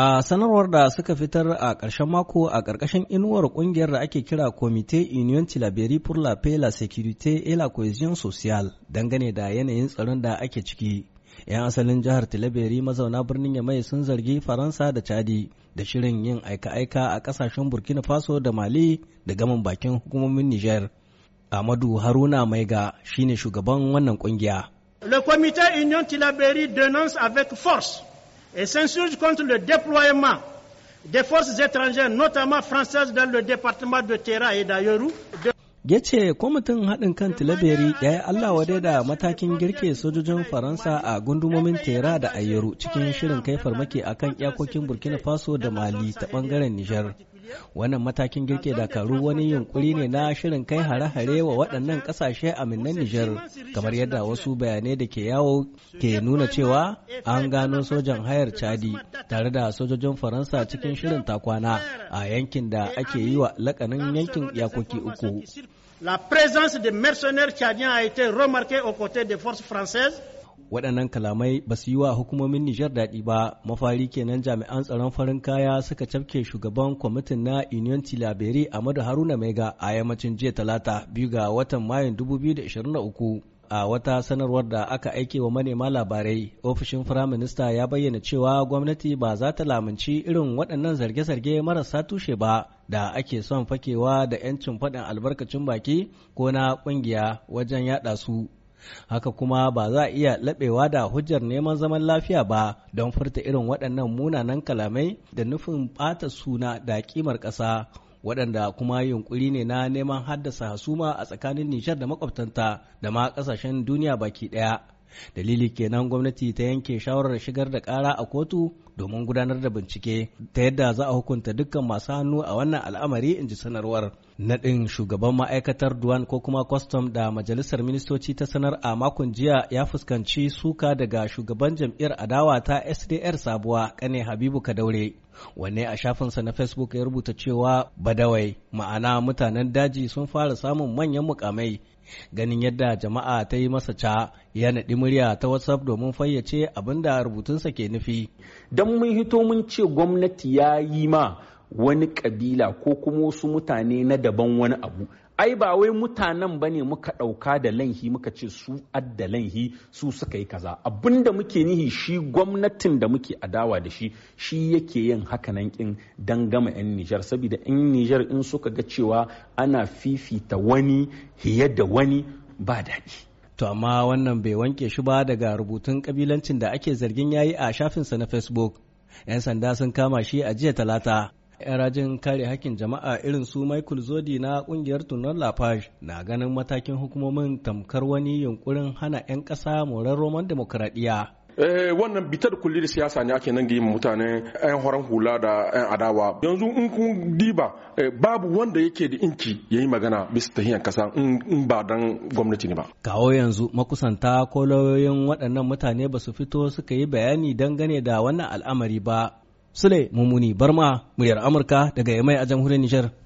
A sanarwar da suka fitar a ƙarshen mako a ƙarƙashin inuwar ƙungiyar da ake kira Komite Union Tilaberi pour la Paix, la Sécurité et la Cohésion Sociale dangane da yanayin tsaron da ake ciki. 'Yan asalin jihar Tilaberi mazauna birnin Yamai sun zargi Faransa da Chadi da shirin yin aika-aika a ƙasashen Burkina Faso da Mali da gaman bakin hukumomin Nijar. Amadu Haruna Maiga shine shugaban wannan ƙungiya. Le Comité Union Tilaberi dénonce avec force et s'insurge contre le déploiement des forces étrangères, notamment françaises, dans le département de Terra et d'Ayoru. De... yace kwamitin haɗin kan tilaberi ya yi allah wadai da matakin girke sojojin faransa a gundumomin tera da ayyaru cikin shirin kai farmaki akan iyakokin burkina faso da mali ta ɓangaren nijar Wannan matakin girke Dakaru wani yunkuri ne na shirin kai hare-hare wa waɗannan ƙasashe a aminan Nijar, kamar yadda wasu bayanai da ke yawo ke nuna cewa an gano sojan hayar Chadi tare da sojojin Faransa cikin shirin takwana a yankin da ake yi wa lakanin yankin yakoki uku. La présence de mercenaires chadiens a été remarquée aux côtés des forces françaises waɗannan kalamai ba su yi wa hukumomin Nijar daɗi ba mafari kenan jami'an tsaron farin kaya suka cafke shugaban kwamitin na Union Tilaberi Amadu Haruna Mega a yammacin jiya talata biyu ga watan Mayun 2023 a wata sanarwar da aka aike wa manema labarai ofishin firaminista ya bayyana cewa gwamnati ba za ta lamunci irin waɗannan zarge-zarge marasa tushe ba da ake son fakewa da 'yancin faɗin albarkacin baki ko na ƙungiya wajen yaɗa su haka kuma ba za a iya laɓewa da hujjar neman zaman lafiya ba don furta irin waɗannan munanan kalamai da nufin ɓata suna da ƙimar ƙasa waɗanda kuma yunƙuri ne na neman haddasa hasuma a tsakanin nishar da makwabtanta da ma ƙasashen duniya baki ɗaya dalili kenan gwamnati ta yanke shawarar shigar da ƙara a kotu domin gudanar da bincike ta yadda za a hukunta dukkan masu hannu a wannan al'amari in ji sanarwar naɗin shugaban ma'aikatar duwan ko kuma kwastam da majalisar ministoci ta sanar a makon jiya ya fuskanci suka daga shugaban jam'iyyar adawa ta sdr sabuwa kane habibu kadaure wanne a shafinsa na facebook ya rubuta cewa badawai ma'ana mutanen daji sun fara samun manyan mukamai ganin yadda jama'a ta yi masa ca ya naɗi murya ta whatsapp domin fayyace abin da rubutunsa ke nufi don idan mun hito mun ce gwamnati ya yi ma wani kabila ko kuma wasu mutane na daban wani abu ai ba wai mutanen ba ne muka ɗauka da lanhi muka ce su adda lanhi su suka yi kaza abin da muke nihi shi gwamnatin da muke adawa da shi shi yake yin haka nan kin don gama 'yan nijar saboda 'yan nijar in suka ga cewa ana fifita wani hiye da wani ba daɗi To amma wannan bai wanke shi ba daga rubutun kabilancin da ake zargin yayi a shafinsa na Facebook. 'Yan sanda sun kama shi a jiya talata. 'Yan rajin kare hakkin jama'a irin su Michael Zodi na ƙungiyar Tunan Lafash na ganin matakin hukumomin tamkar wani yunkurin hana 'yan ƙasa morar Roman demokradiyya. Eh, wannan bitar kulli da siyasa ne ake nan ga mutane yan horon hula da yan adawa yanzu in kun diba eh, babu wanda yake da inki yayi magana bisa hiyar kasa in ba dan gwamnati ne ba kawo yanzu makusanta ko waɗannan mutane ba su fito suka yi bayani dangane da wannan al'amari ba sule mumuni barma muryar amurka daga yamai a jamhuriyar nijar